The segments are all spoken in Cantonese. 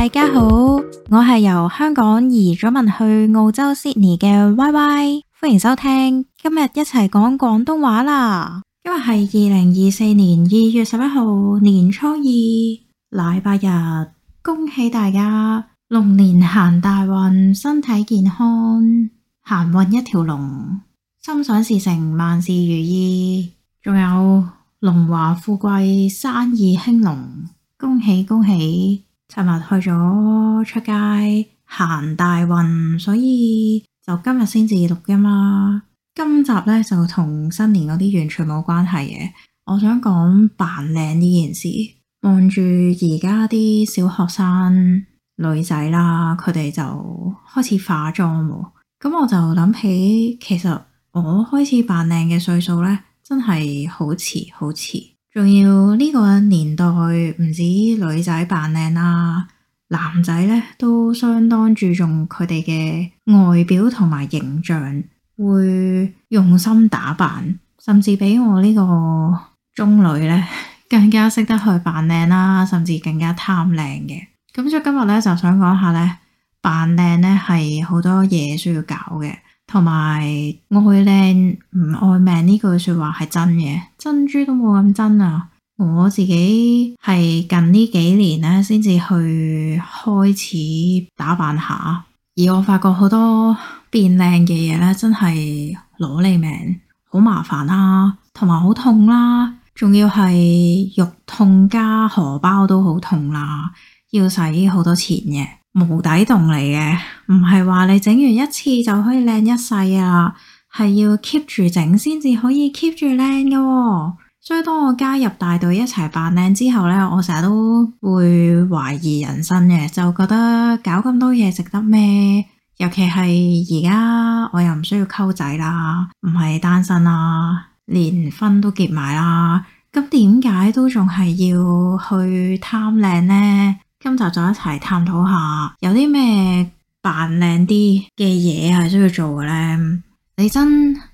大家好，我係由香港移咗民去澳洲 Sydney 嘅 Y Y，歡迎收聽今日一齊講廣東話啦。今日係二零二四年二月十一號年初二禮拜日，恭喜大家龍年行大運，身體健康，行運一條龍，心想事成，萬事如意，仲有龍華富貴，生意興隆，恭喜恭喜！尋日去咗出街行大運，所以就今日先至錄音啦。今集咧就同新年嗰啲完全冇關係嘅，我想講扮靚呢件事。望住而家啲小學生女仔啦，佢哋就開始化妝喎。咁我就諗起，其實我開始扮靚嘅歲數咧，真係好遲，好遲。仲要呢個年代唔止女仔扮靚啦，男仔咧都相當注重佢哋嘅外表同埋形象，會用心打扮，甚至比我呢個中女咧更加識得去扮靚啦，甚至更加貪靚嘅。咁所以今日咧就想講下咧，扮靚咧係好多嘢需要搞嘅。同埋愛靚唔愛命呢句說話係真嘅，珍珠都冇咁真啊！我自己係近呢幾年咧，先至去開始打扮下，而我發覺好多變靚嘅嘢咧，真係攞你命，好麻煩啦，啊，同埋好痛啦，啊，仲要係肉痛加荷包都好痛啦，啊，要使好多錢嘅。無底洞嚟嘅，唔係話你整完一次就可以靚一世啊，係要 keep 住整先至可以 keep 住靚㗎。所以當我加入大隊一齊扮靚之後呢，我成日都會懷疑人生嘅，就覺得搞咁多嘢值得咩？尤其係而家我又唔需要溝仔啦，唔係單身啦，連婚都結埋啦，咁點解都仲係要去貪靚呢？今集就一齊探討下，有啲咩扮靚啲嘅嘢係需要做嘅呢？你真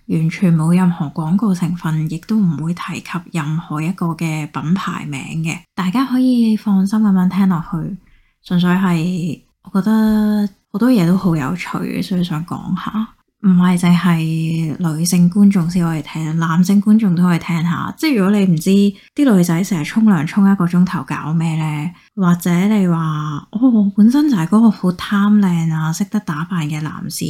完全冇任何廣告成分，亦都唔會提及任何一個嘅品牌名嘅，大家可以放心咁樣聽落去，純粹係我覺得好多嘢都好有趣，所以想講下。唔係淨係女性觀眾先可以聽，男性觀眾都可以聽下。即係如果你唔知啲女仔成日沖涼沖一個鐘頭搞咩咧？或者你話哦，我本身就係嗰個好貪靚啊，識得打扮嘅男士，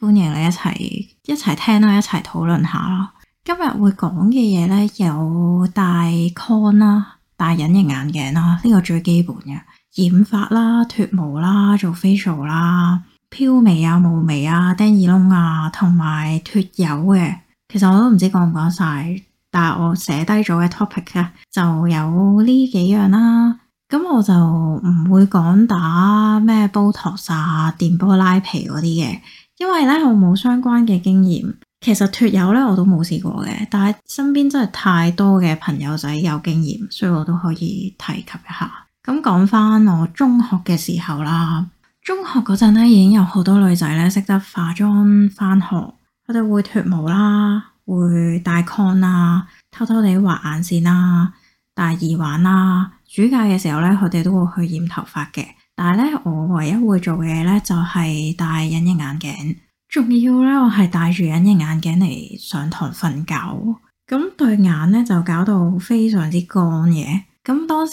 歡迎你一齊一齊聽啦，一齊、啊、討論下。今日會講嘅嘢咧，有戴 con 啦，戴隱形眼鏡啦，呢個最基本嘅染髮啦、脫毛啦、做 facial 啦。飄眉啊、霧眉啊、釘耳窿啊，同埋脫油嘅，其實我都唔知講唔講晒，但係我寫低咗嘅 topic 咧就有呢幾樣啦。咁我就唔會講打咩 Botox、電波拉皮嗰啲嘅，因為咧我冇相關嘅經驗。其實脫油咧我都冇試過嘅，但係身邊真係太多嘅朋友仔有經驗，所以我都可以提及一下。咁講返我中學嘅時候啦。中學嗰陣咧，已經有好多女仔咧識得化妝翻學，佢哋會脱毛啦，會戴 con 啦，偷偷地畫眼線啦，戴耳環啦。暑假嘅時候咧，佢哋都會去染頭髮嘅。但係咧，我唯一會做嘅嘢咧，就係戴隱形眼鏡。仲要咧，我係戴住隱形眼鏡嚟上堂瞓覺，咁對眼咧就搞到非常之乾嘢。咁當時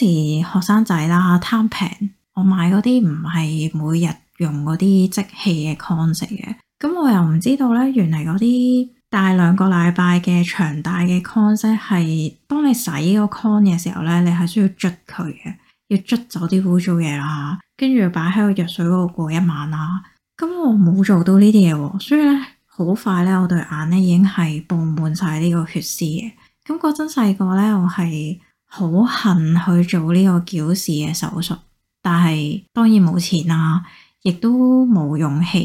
學生仔啦，貪平。我買嗰啲唔係每日用嗰啲即棄嘅 con 式嘅，咁我又唔知道咧。原嚟嗰啲戴兩個禮拜嘅長戴嘅 con 式係當你洗個 con 嘅時候咧，你係需要捽佢嘅，要捽走啲污糟嘢啦，跟住擺喺個藥水嗰度過一晚啦。咁我冇做到呢啲嘢，所以咧，好快咧，我對眼咧已經係布滿晒呢個血絲嘅。咁嗰陣細個咧，我係好恨去做呢個矯視嘅手術。但係當然冇錢啦，亦都冇勇氣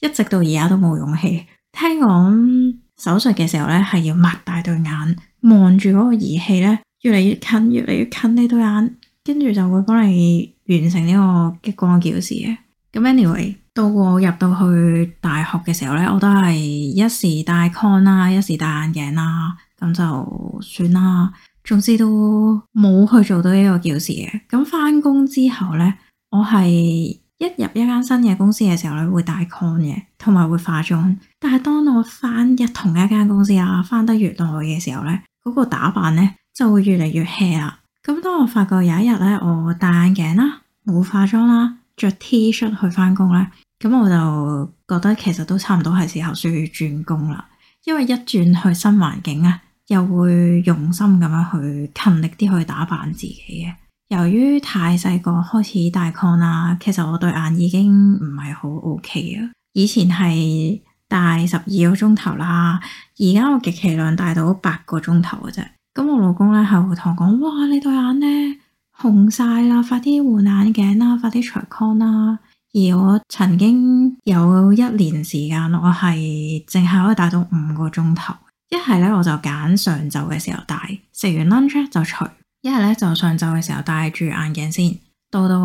嘅，一直到而家都冇勇氣。聽講手術嘅時候咧，係要擘大對眼，望住嗰個儀器咧，越嚟越近，越嚟越近呢對眼，跟住就會幫你完成呢個激光矯視嘅。咁 anyway，到我入到去大學嘅時候咧，我都係一時戴 con 啦，一時戴眼鏡啦，咁就算啦。總之都冇去做到呢個教事嘅。咁翻工之後呢，我係一入一間新嘅公司嘅時候咧，會戴 con 嘅，同埋會化妝。但係當我翻一同一間公司啊，翻得越耐嘅時候呢，嗰個打扮呢就會越嚟越 hea 啦。咁當我發覺有一日呢，我戴眼鏡啦，冇化妝啦，着 T 恤去翻工咧，咁我就覺得其實都差唔多係時候需要轉工啦，因為一轉去新環境啊。又會用心咁樣去勤力啲去打扮自己嘅。由於太細個開始戴 con 啦，其實我對眼已經唔係好 ok 啊。以前係戴十二個鐘頭啦，而家我極其量戴到八個鐘頭嘅啫。咁我老公咧係會同我講，哇，你對眼咧紅晒啦，快啲換眼鏡啦，快啲除 con 啦。而我曾經有一年時間，我係淨係可以戴到五個鐘頭。一係咧我就揀上晝嘅時候戴，食完 lunch 就除；一係咧就上晝嘅時候戴住眼鏡先，到到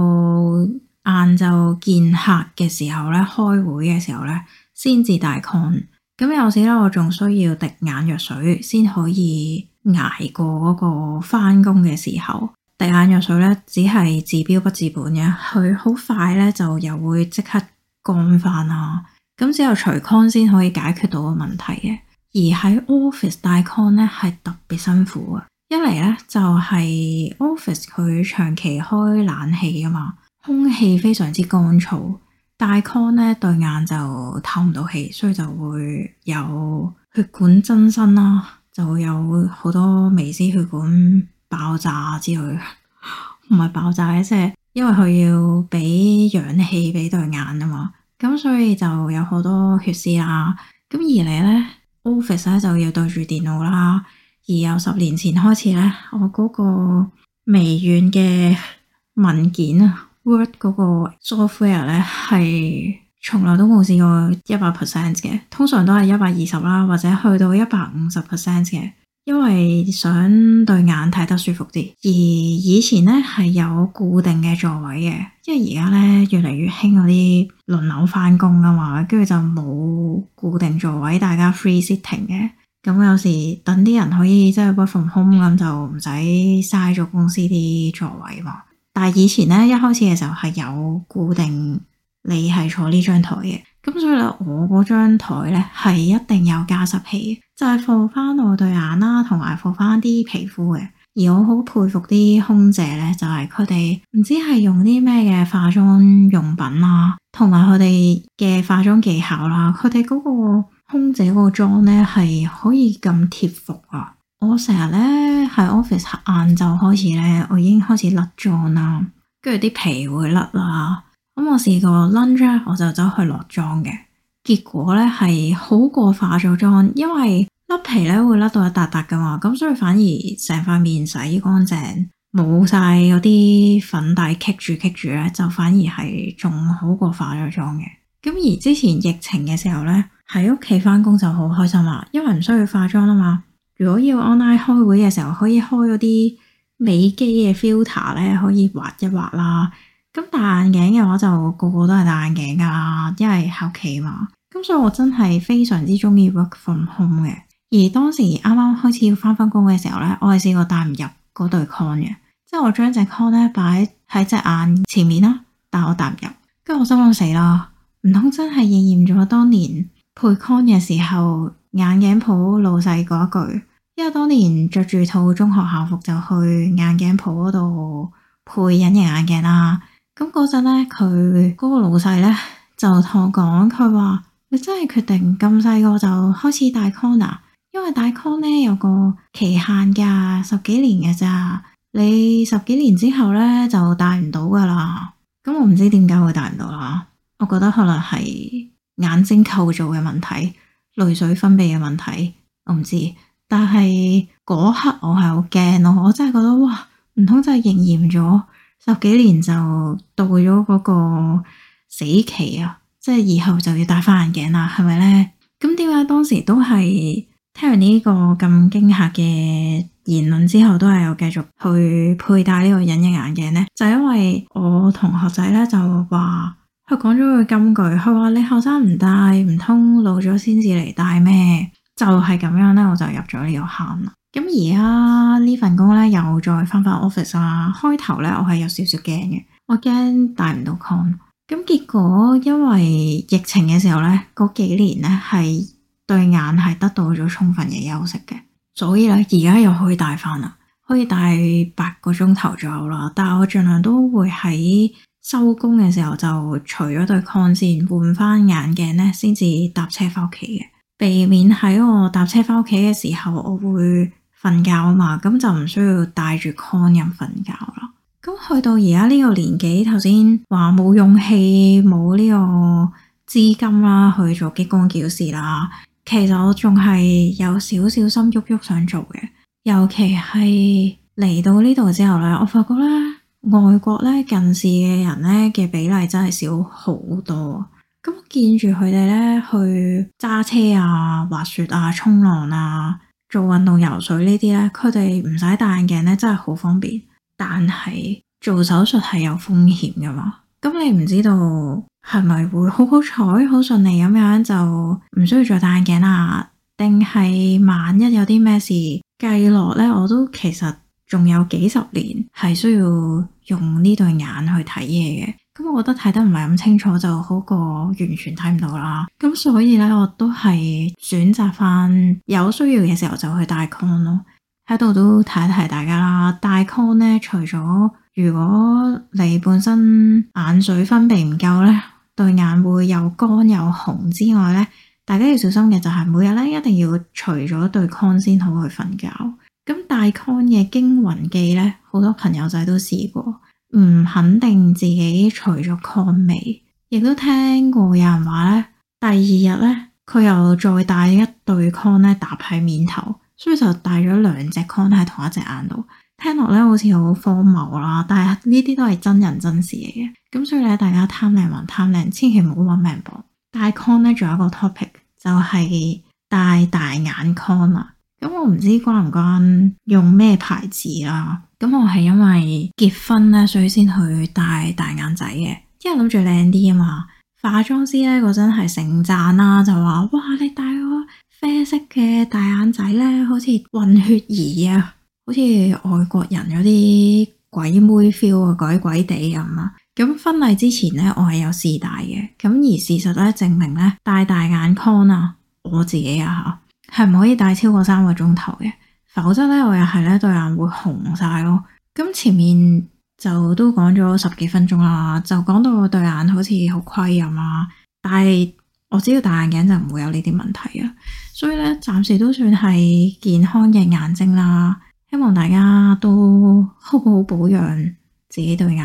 晏晝見客嘅時候咧，開會嘅時候咧，先至戴 con。咁有時咧，我仲需要滴眼藥水先可以挨過嗰個翻工嘅時候。滴眼藥水咧，只係治標不治本嘅，佢好快咧就又會即刻乾翻啦。咁只有除 con 先可以解決到個問題嘅。而喺 office 戴 con 咧係特別辛苦啊！一嚟咧就係 office 佢長期開冷氣啊嘛，空氣非常之乾燥，戴 con 咧對眼就透唔到氣，所以就會有血管增生啦，就會有好多微絲血管爆炸之類，唔係 爆炸嘅，即係因為佢要俾氧氣俾對眼啊嘛，咁所以就有好多血絲啊，咁二嚟咧。Office 咧就要對住電腦啦，而由十年前開始咧，我嗰個微軟嘅文件啊，Word 嗰個 software 咧係從來都冇試過一百 percent 嘅，通常都係一百二十啦，或者去到一百五十 percent 嘅。因為想對眼睇得舒服啲，而以前呢係有固定嘅座位嘅，因為而家呢越嚟越興嗰啲輪流返工吖嘛，跟住就冇固定座位，大家 free sitting 嘅，咁、嗯、有時等啲人可以即係 work from home，咁就唔使嘥咗公司啲座位嘛。但係以前呢，一開始嘅時候係有固定，你係坐呢張台嘅。咁所以咧，我嗰張台咧係一定有加濕器，就係防翻我對眼啦、啊，同埋防翻啲皮膚嘅。而我好佩服啲空姐咧，就係佢哋唔知係用啲咩嘅化妝用品啦、啊，同埋佢哋嘅化妝技巧啦、啊。佢哋嗰個空姐嗰個妝咧係可以咁貼服啊！我成日咧喺 office 晏晝開始咧，我已經開始甩妝啦，跟住啲皮會甩啊。咁我試過 lunch 咧，ra, 我就走去落妝嘅，結果咧係好過化咗妝，因為甩皮咧會甩到一笪笪嘅嘛，咁所以反而成塊面洗乾淨，冇晒嗰啲粉底棘住棘住咧，就反而係仲好過化咗妝嘅。咁而之前疫情嘅時候咧，喺屋企返工就好開心啦，因為唔需要化妝啊嘛。如果要 online 開會嘅時候，可以開嗰啲美肌嘅 filter 咧，可以畫一畫啦。咁戴眼鏡嘅話就個個都係戴眼鏡噶啦，因為屋企嘛。咁所以我真係非常之中意 work from home 嘅。而當時啱啱開始要返工嘅時候呢，我係試過戴唔入嗰對 con 嘅，即係我將隻 con 咧擺喺隻眼前面啦，但係我戴唔入，跟住我心諗死咯，唔通真係應驗咗當年配 con 嘅時候眼鏡鋪老細嗰句，因為當年着住套中學校服就去眼鏡鋪嗰度配隱形眼鏡啦，啊。咁嗰陣咧，佢嗰、那個老細咧就同我講，佢話：你真係決定咁細個就開始戴 Con 啊？因為戴 Con 咧有個期限㗎，十幾年㗎咋。你十幾年之後咧就戴唔到㗎啦。咁、嗯、我唔知點解會戴唔到啦。我覺得可能係眼睛構造嘅問題、淚水分泌嘅問題，我唔知。但係嗰刻我係好驚咯，我真係覺得哇，唔通真係應驗咗。十幾年就到咗嗰個死期啊！即係以後就要戴翻眼鏡啦，係咪呢？咁點解當時都係聽完呢個咁驚嚇嘅言論之後，都係有繼續去佩戴呢個隱形眼鏡呢？就係、因為我同學仔咧就話佢講咗句金句，佢話你後生唔戴，唔通老咗先至嚟戴咩？就係、是、咁樣咧，我就入咗呢個坑啦。咁而家呢份工咧，又再翻返 office 啦。開頭咧，我係有少少驚嘅，我驚戴唔到 con。咁結果因為疫情嘅時候咧，嗰幾年咧係對眼係得到咗充分嘅休息嘅，所以咧而家又可以戴翻啦，可以戴八個鐘頭左右啦。但係我盡量都會喺收工嘅時候就除咗對 con 先，換翻眼鏡咧，先至搭車翻屋企嘅，避免喺我搭車翻屋企嘅時候我會。瞓覺啊嘛，咁就唔需要戴住 Con 入瞓覺啦。咁去到而家呢個年紀，頭先話冇勇氣冇呢個資金啦，去做激光矯視啦。其實我仲係有少少心喐喐想做嘅。尤其係嚟到呢度之後咧，我發覺咧外國咧近視嘅人咧嘅比例真係少好多。咁見住佢哋咧去揸車啊、滑雪啊、沖浪啊、做運動、游水呢啲，呢佢哋唔使戴眼鏡呢，真係好方便。但係做手術係有風險噶嘛，咁你唔知道係咪會好好彩、好順利咁樣，就唔需要再戴眼鏡啦？定係萬一有啲咩事計落呢？我都其實仲有幾十年係需要用呢對眼去睇嘢嘅。咁我覺得睇得唔係咁清楚，就好過完全睇唔到啦。咁所以咧，我都係選擇翻有需要嘅時候就去戴 con 咯。喺度都提一提大家啦。戴 con 咧，除咗如果你本身眼水分泌唔夠咧，對眼會又乾又紅之外咧，大家要小心嘅就係每日咧一定要除咗對 con 先好去瞓覺。咁戴 con 嘅驚魂記咧，好多朋友仔都試過。唔肯定自己除咗 con 未，亦都聽過有人話咧，第二日咧佢又再戴一對 con 咧搭喺面頭，所以就戴咗兩隻 con 喺同一隻眼度。聽落咧好似好荒謬啦，但係呢啲都係真人真事嚟嘅。咁所以咧，大家貪靚還貪靚，千祈唔好搵命搏。戴 con 咧，仲有一個 topic 就係戴大眼 con 啦。咁我唔知關唔關用咩牌子啊？咁我係因為結婚咧，所以先去戴大眼仔嘅，因為諗住靚啲啊嘛。化妝師咧嗰陣係盛讚啦，就話：哇，你戴個啡色嘅大眼仔咧，好似混血兒啊，好似外國人嗰啲鬼妹 feel 啊，鬼鬼地咁啊。咁婚禮之前咧，我係有試戴嘅。咁而事實咧證明咧，戴大眼 con 啊，我自己啊吓。係唔可以戴超過三個鐘頭嘅，否則咧我又係咧對眼會紅晒咯。咁前面就都講咗十幾分鐘啦，就講到我對眼好似好虧咁啊。但係我只要戴眼鏡就唔會有呢啲問題啊，所以咧暫時都算係健康嘅眼睛啦。希望大家都好好保養自己對眼。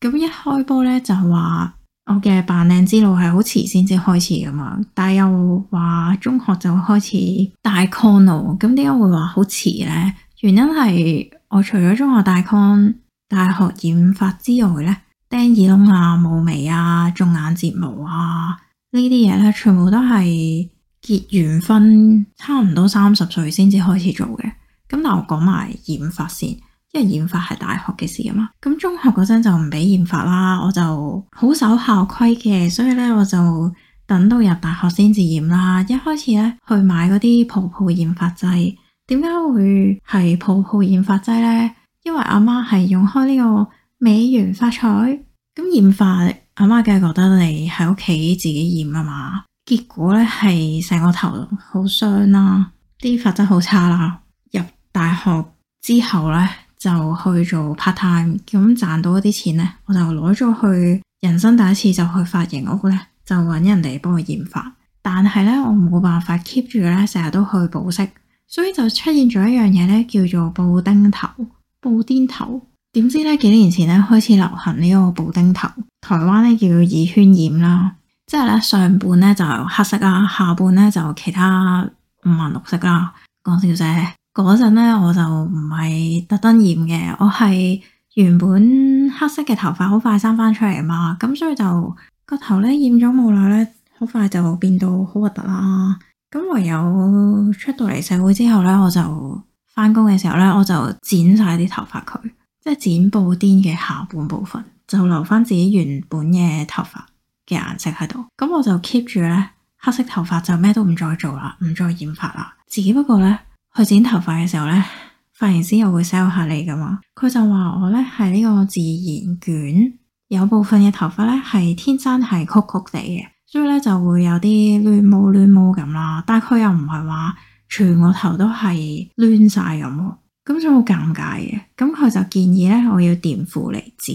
咁一開波咧就話。我嘅扮靚之路係好遲先至開始噶嘛，但又話中學就開始大 con 咯，咁點解會話好遲呢？原因係我除咗中學大 con、大學染髮之外呢，釘耳窿啊、霧眉啊、種眼睫毛啊呢啲嘢咧，全部都係結完婚差唔多三十歲先至開始做嘅。咁但我講埋染髮先。因為染髮係大學嘅事啊嘛，咁中學嗰陣就唔俾染髮啦。我就好守校規嘅，所以咧我就等到入大學先至染啦。一開始咧去買嗰啲泡泡染髮劑，點解會係泡泡染髮劑呢？因為阿媽係用開呢個美源髮彩，咁染髮阿媽梗係覺得你喺屋企自己染啊嘛。結果咧係成個頭好傷啦，啲髮質好差啦。入大學之後咧。就去做 part time，咁賺到嗰啲錢呢，我就攞咗去人生第一次就去髮型屋呢，就揾人哋幫我染髮。但係呢，我冇辦法 keep 住呢，成日都去保色，所以就出現咗一樣嘢呢，叫做布丁頭、布丁頭。點知呢？幾年前呢，開始流行呢個布丁頭，台灣呢叫耳圈染啦，即係呢，上半呢就黑色啊，下半呢就其他五顏六色啦，講笑啫。嗰陣咧，我就唔係特登染嘅，我係原本黑色嘅頭髮，好快生翻出嚟嘛，咁所以就個頭咧染咗冇耐咧，好快就變到好核突啦。咁唯有出到嚟社會之後咧，我就翻工嘅時候咧，我就剪晒啲頭髮佢，即係剪布甸嘅下半部分，就留翻自己原本嘅頭髮嘅顏色喺度。咁我就 keep 住咧黑色頭髮就咩都唔再做啦，唔再染髮啦，只不過咧。佢剪頭髮嘅時候呢，髮型師又會 sell 下你噶嘛？佢就話我呢係呢個自然捲，有部分嘅頭髮呢係天生係曲曲地嘅，所以呢就會有啲攣毛攣毛咁啦。但係佢又唔係話全個頭都係攣晒咁，咁所以好尷尬嘅。咁佢就建議呢我要電負離子。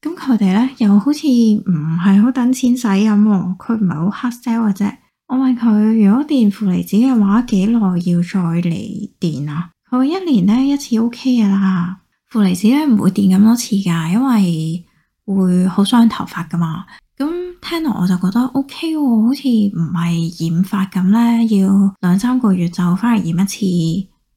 咁佢哋呢又好似唔係好等錢使咁，佢唔係好黑 sell 嘅啫。我問佢，如果電負離子嘅話，幾耐要再嚟電啊？佢一年咧一次 O K 噶啦，負離子咧唔會電咁多次噶，因為會好傷頭髮噶嘛。咁聽落我就覺得 O K 喎，好似唔係染發咁咧，要兩三個月就翻嚟染一次，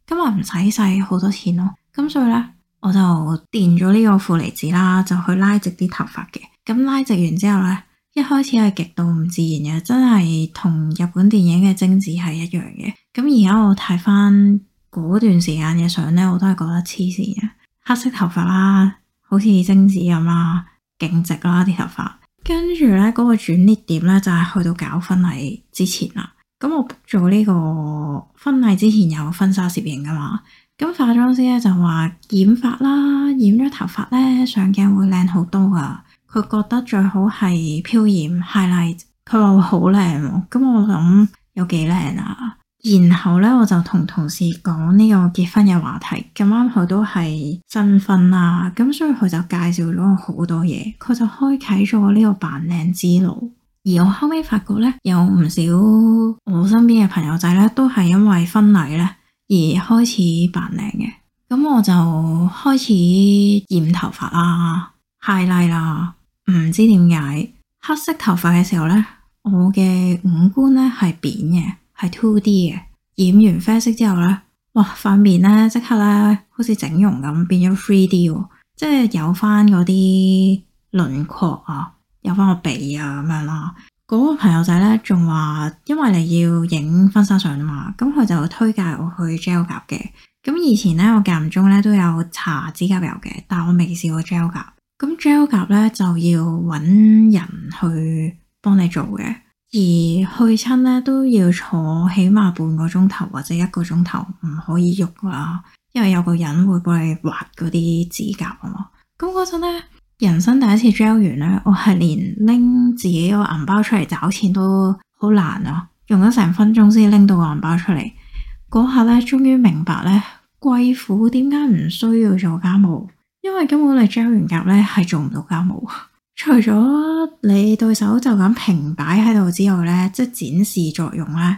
今日唔使使好多錢咯。咁所以咧，我就電咗呢個負離子啦，就去拉直啲頭髮嘅。咁拉直完之後咧。一開始係極度唔自然嘅，真係同日本電影嘅貞子係一樣嘅。咁而家我睇翻嗰段時間嘅相呢，我都係覺得黐線嘅。黑色頭髮啦，好似貞子咁啦，勁直啦啲頭髮，跟住呢嗰個轉捩點呢，那個、點就係去到搞婚禮之前啦。咁我做呢、這個婚禮之前有婚紗攝影噶嘛，咁化妝師呢就話染發啦，染咗頭髮呢，上鏡會靚好多噶。佢覺得最好係漂染 highlight，佢話好靚喎，哦，咁我諗有幾靚啊！然後呢，我就同同事講呢個結婚嘅話題，咁啱佢都係新婚啊，咁所以佢就介紹咗我好多嘢，佢就開啟咗我呢個扮靚之路。而我後尾發覺呢，有唔少我身邊嘅朋友仔呢，都係因為婚禮呢而開始扮靚嘅，咁我就開始染頭髮啦，啊、highlight 啦、啊。唔知點解，黑色頭髮嘅時候呢，我嘅五官呢係扁嘅，係 two D 嘅。染完啡色之後呢，哇，塊面呢即刻呢好似整容咁，變咗 three D，即係有翻嗰啲輪廓啊，有翻個鼻啊咁樣啦、啊。嗰、嗰個朋友仔呢仲話，因為你要影婚紗相啊嘛，咁佢就推介我去 gel 甲嘅。咁以前呢，我間唔中呢都有搽指甲油嘅，但我未試過 gel 甲。咁 gel、嗯、甲咧，就要揾人去幫你做嘅，而去親咧，都要坐起碼半個鐘頭或者一個鐘頭，唔可以喐啊，因為有個人會幫你畫嗰啲指甲啊嘛。咁嗰陣咧，人生第一次 gel 完咧，我係連拎自己個銀包出嚟找錢都好難啊，用咗成分鐘先拎到個銀包出嚟。嗰刻咧，終於明白咧，貴婦點解唔需要做家務。因為根本你整完甲咧係做唔到家務，除咗你對手就咁平擺喺度之外咧，即係展示作用咧，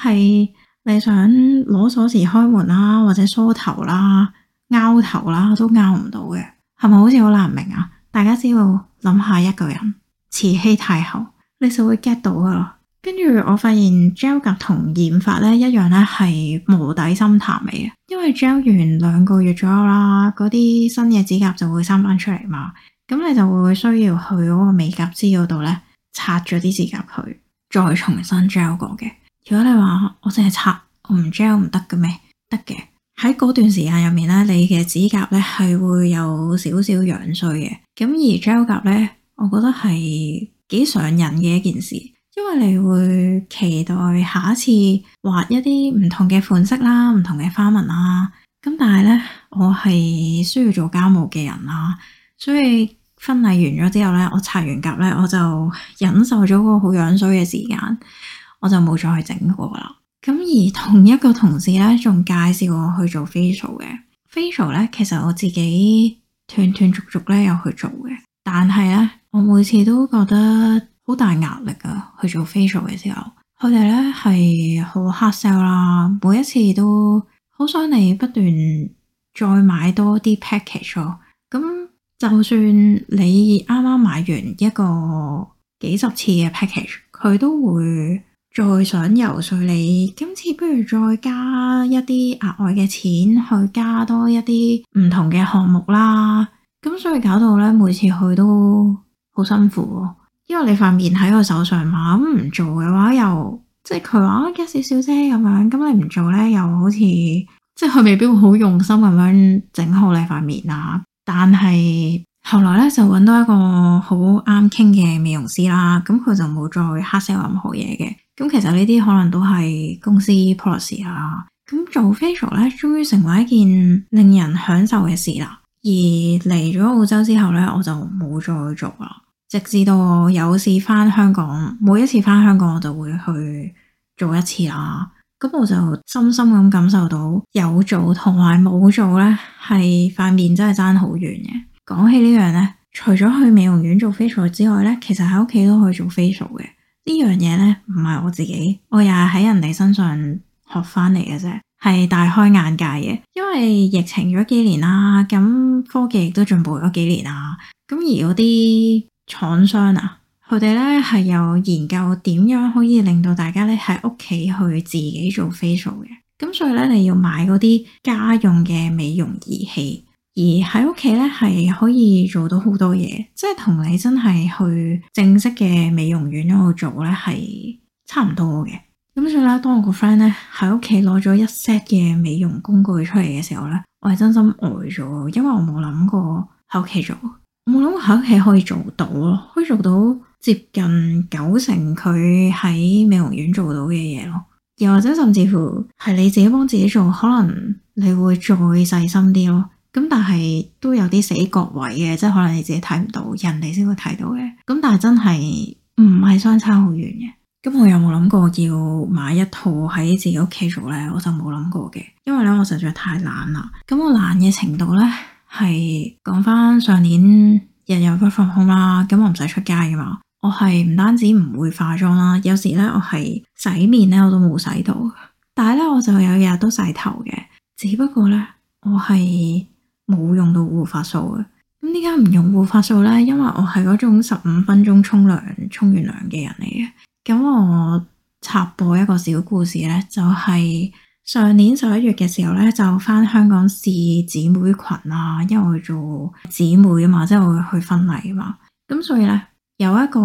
係你想攞鎖匙開門啦，或者梳頭啦、拗頭啦，都拗唔到嘅，係咪好似好難明啊？大家只要諗下一個人慈禧太后，你就會 get 到噶啦。跟住我發現 gel 甲同染髮咧一樣咧係無底深潭嚟嘅，因為 gel 完兩個月左右啦，嗰啲新嘅指甲就會生翻出嚟嘛，咁你就會需要去嗰個美甲師嗰度咧拆咗啲指甲去，再重新 gel 過嘅。如果你話我淨係拆，我唔 gel 唔得嘅咩？得嘅，喺嗰段時間入面咧，你嘅指甲咧係會有少少樣衰嘅。咁而 gel 甲咧，我覺得係幾上癮嘅一件事。因為你會期待下一次畫一啲唔同嘅款式啦，唔同嘅花紋啦。咁但係呢，我係需要做家務嘅人啦，所以婚禮完咗之後呢，我拆完甲呢，我就忍受咗個好樣衰嘅時間，我就冇再去整過啦。咁而同一個同事呢，仲介紹我去做 facial 嘅。facial 呢，其實我自己斷斷續續呢，有去做嘅，但係呢，我每次都覺得。好大壓力啊！去做 facial 嘅時候，佢哋咧係好 hard sell 啦，每一次都好想你不斷再買多啲 package。咁就算你啱啱買完一個幾十次嘅 package，佢都會再想遊説你今次不如再加一啲額外嘅錢去加多一啲唔同嘅項目啦。咁所以搞到咧，每次去都好辛苦。因為你塊面喺我手上嘛，咁唔做嘅話又即係佢話一少少啫咁樣，咁你唔做呢，又好似即係佢未必會好用心咁樣整好你塊面啊。但係後來呢，就揾到一個好啱傾嘅美容師啦，咁佢就冇再黑色 e l l 任何嘢嘅。咁其實呢啲可能都係公司 policy 啊。咁做 facial 呢，終於成為一件令人享受嘅事啦。而嚟咗澳洲之後呢，我就冇再做啦。直至到我有事翻香港，每一次翻香港我就會去做一次啦。咁我就深深咁感受到有做同埋冇做呢係塊面真係爭好遠嘅。講起呢樣呢，除咗去美容院做 facial 之外呢，其實喺屋企都可以做 facial 嘅。呢樣嘢呢，唔係我自己，我又係喺人哋身上學翻嚟嘅啫，係大開眼界嘅。因為疫情咗幾年啦，咁科技亦都進步咗幾年啦，咁而嗰啲，廠商啊，佢哋咧係有研究點樣可以令到大家咧喺屋企去自己做 facial 嘅，咁所以咧你要買嗰啲家用嘅美容儀器，而喺屋企咧係可以做到好多嘢，即係同你真係去正式嘅美容院嗰度做咧係差唔多嘅。咁所以咧，當我個 friend 咧喺屋企攞咗一 set 嘅美容工具出嚟嘅時候咧，我係真心呆咗，因為我冇諗過喺屋企做。我諗喺屋企可以做到咯，可以做到接近九成佢喺美容院做到嘅嘢咯，又或者甚至乎係你自己幫自己做，可能你會再細心啲咯。咁但係都有啲死角位嘅，即係可能你自己睇唔到，人哋先會睇到嘅。咁但係真係唔係相差好遠嘅。咁我有冇諗過要買一套喺自己屋企做咧？我就冇諗過嘅，因為咧我實在太懶啦。咁我懶嘅程度咧。係講翻上年日日不放空啦，咁我唔使出街噶嘛。我係唔單止唔會化妝啦，有時咧我係洗面咧我都冇洗到，但係咧我就有日都洗頭嘅。只不過咧我係冇用到護髮素嘅。咁點解唔用護髮素咧？因為我係嗰種十五分鐘沖涼，沖完涼嘅人嚟嘅。咁我插播一個小故事咧，就係、是。上年十一月嘅時候咧，就翻香港試姊妹裙啊，因為我做姊妹啊嘛，即係我去婚禮啊嘛，咁所以咧有一個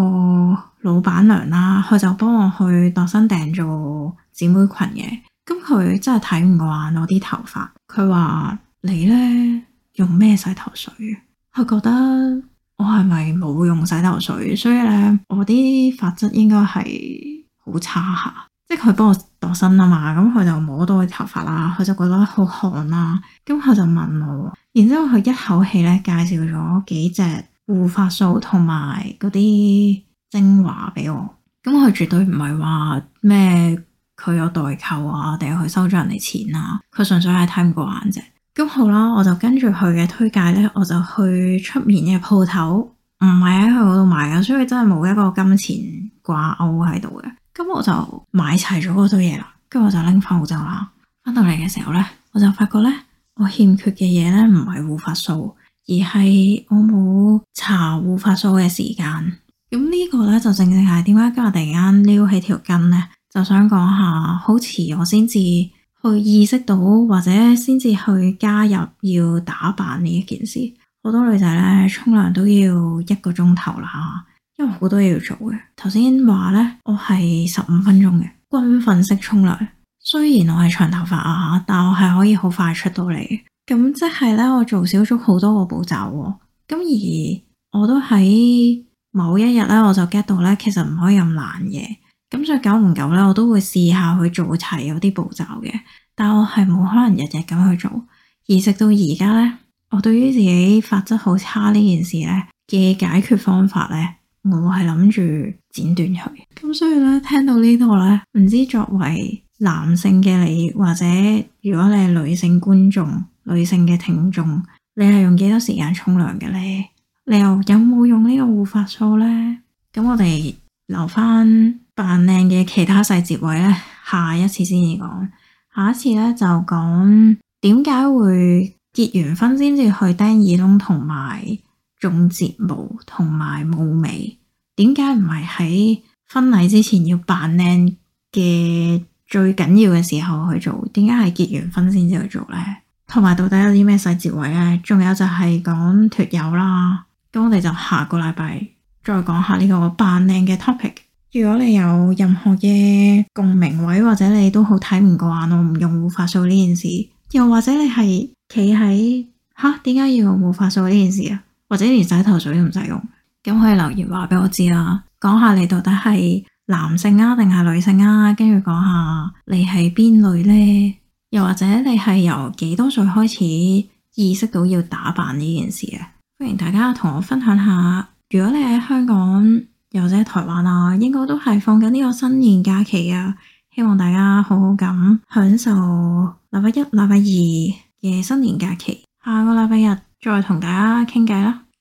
老闆娘啦、啊，佢就幫我去度身訂做姊妹裙嘅，咁佢真係睇唔慣我啲頭髮，佢話你咧用咩洗頭水？佢覺得我係咪冇用洗頭水？所以咧我啲髮質應該係好差下。即係佢幫我度身啊嘛，咁佢就摸到佢頭髮啦，佢就覺得好寒啦，咁佢就問我，然之後佢一口氣咧介紹咗幾隻護髮素同埋嗰啲精華俾我，咁佢絕對唔係話咩佢有代購啊，定係佢收咗人哋錢啊，佢純粹係睇唔過眼啫。咁好啦，我就跟住佢嘅推介咧，我就去出面嘅鋪頭，唔係喺佢嗰度買噶，所以真係冇一個金錢掛鈎喺度嘅。咁我就買齊咗嗰堆嘢啦，跟住我就拎翻澳洲啦。翻到嚟嘅時候咧，我就發覺咧，我欠缺嘅嘢咧唔係護髮素，而係我冇搽護髮素嘅時間。咁呢個咧就正正係點解今日突然間撩起條筋咧，就想講下，好遲我先至去意識到或者先至去加入要打扮呢一件事。好多女仔咧，沖涼都要一個鐘頭啦吓。因為好多嘢要做嘅，頭先話咧，我係十五分鐘嘅軍訓式沖涼。雖然我係長頭髮啊，但我係可以好快出到嚟嘅。咁即係咧，我做少咗好多個步驟。咁而我都喺某一日咧，我就 get 到咧，其實唔可以咁懶嘢。咁所以久唔久咧，我都會試下去做齊嗰啲步驟嘅。但我係冇可能日日咁去做。而直到而家咧，我對於自己髮質好差呢件事咧嘅解決方法咧。我係諗住剪短佢，咁所以咧，聽到呢度咧，唔知作為男性嘅你，或者如果你係女性觀眾、女性嘅聽眾，你係用幾多時間沖涼嘅咧？你又有冇用呢個護髮素咧？咁我哋留翻，扮靚嘅其他細節位咧，下一次先至講。下一次咧，就講點解會結完婚先至去釘耳窿同埋。種睫毛同埋霧眉，點解唔係喺婚禮之前要扮靚嘅最緊要嘅時候去做？點解係結完婚先至去做呢？同埋到底有啲咩細節位呢？仲有就係講脫友啦。咁我哋就下個禮拜再講下呢個扮靚嘅 topic。如果你有任何嘅共鳴位，或者你都好睇唔過眼，我唔用護髮素呢件事，又或者你係企喺吓，點解要用護髮素呢件事啊？或者連洗頭水都唔使用，用，咁可以留言話俾我知啦。講下你到底係男性啊定係女性啊，跟住講下你係邊類呢？又或者你係由幾多歲開始意識到要打扮呢件事啊？歡迎大家同我分享下。如果你喺香港又或者台灣啊，應該都係放緊呢個新年假期啊。希望大家好好咁享受禮拜一、禮拜二嘅新年假期。下個禮拜日再同大家傾偈啦。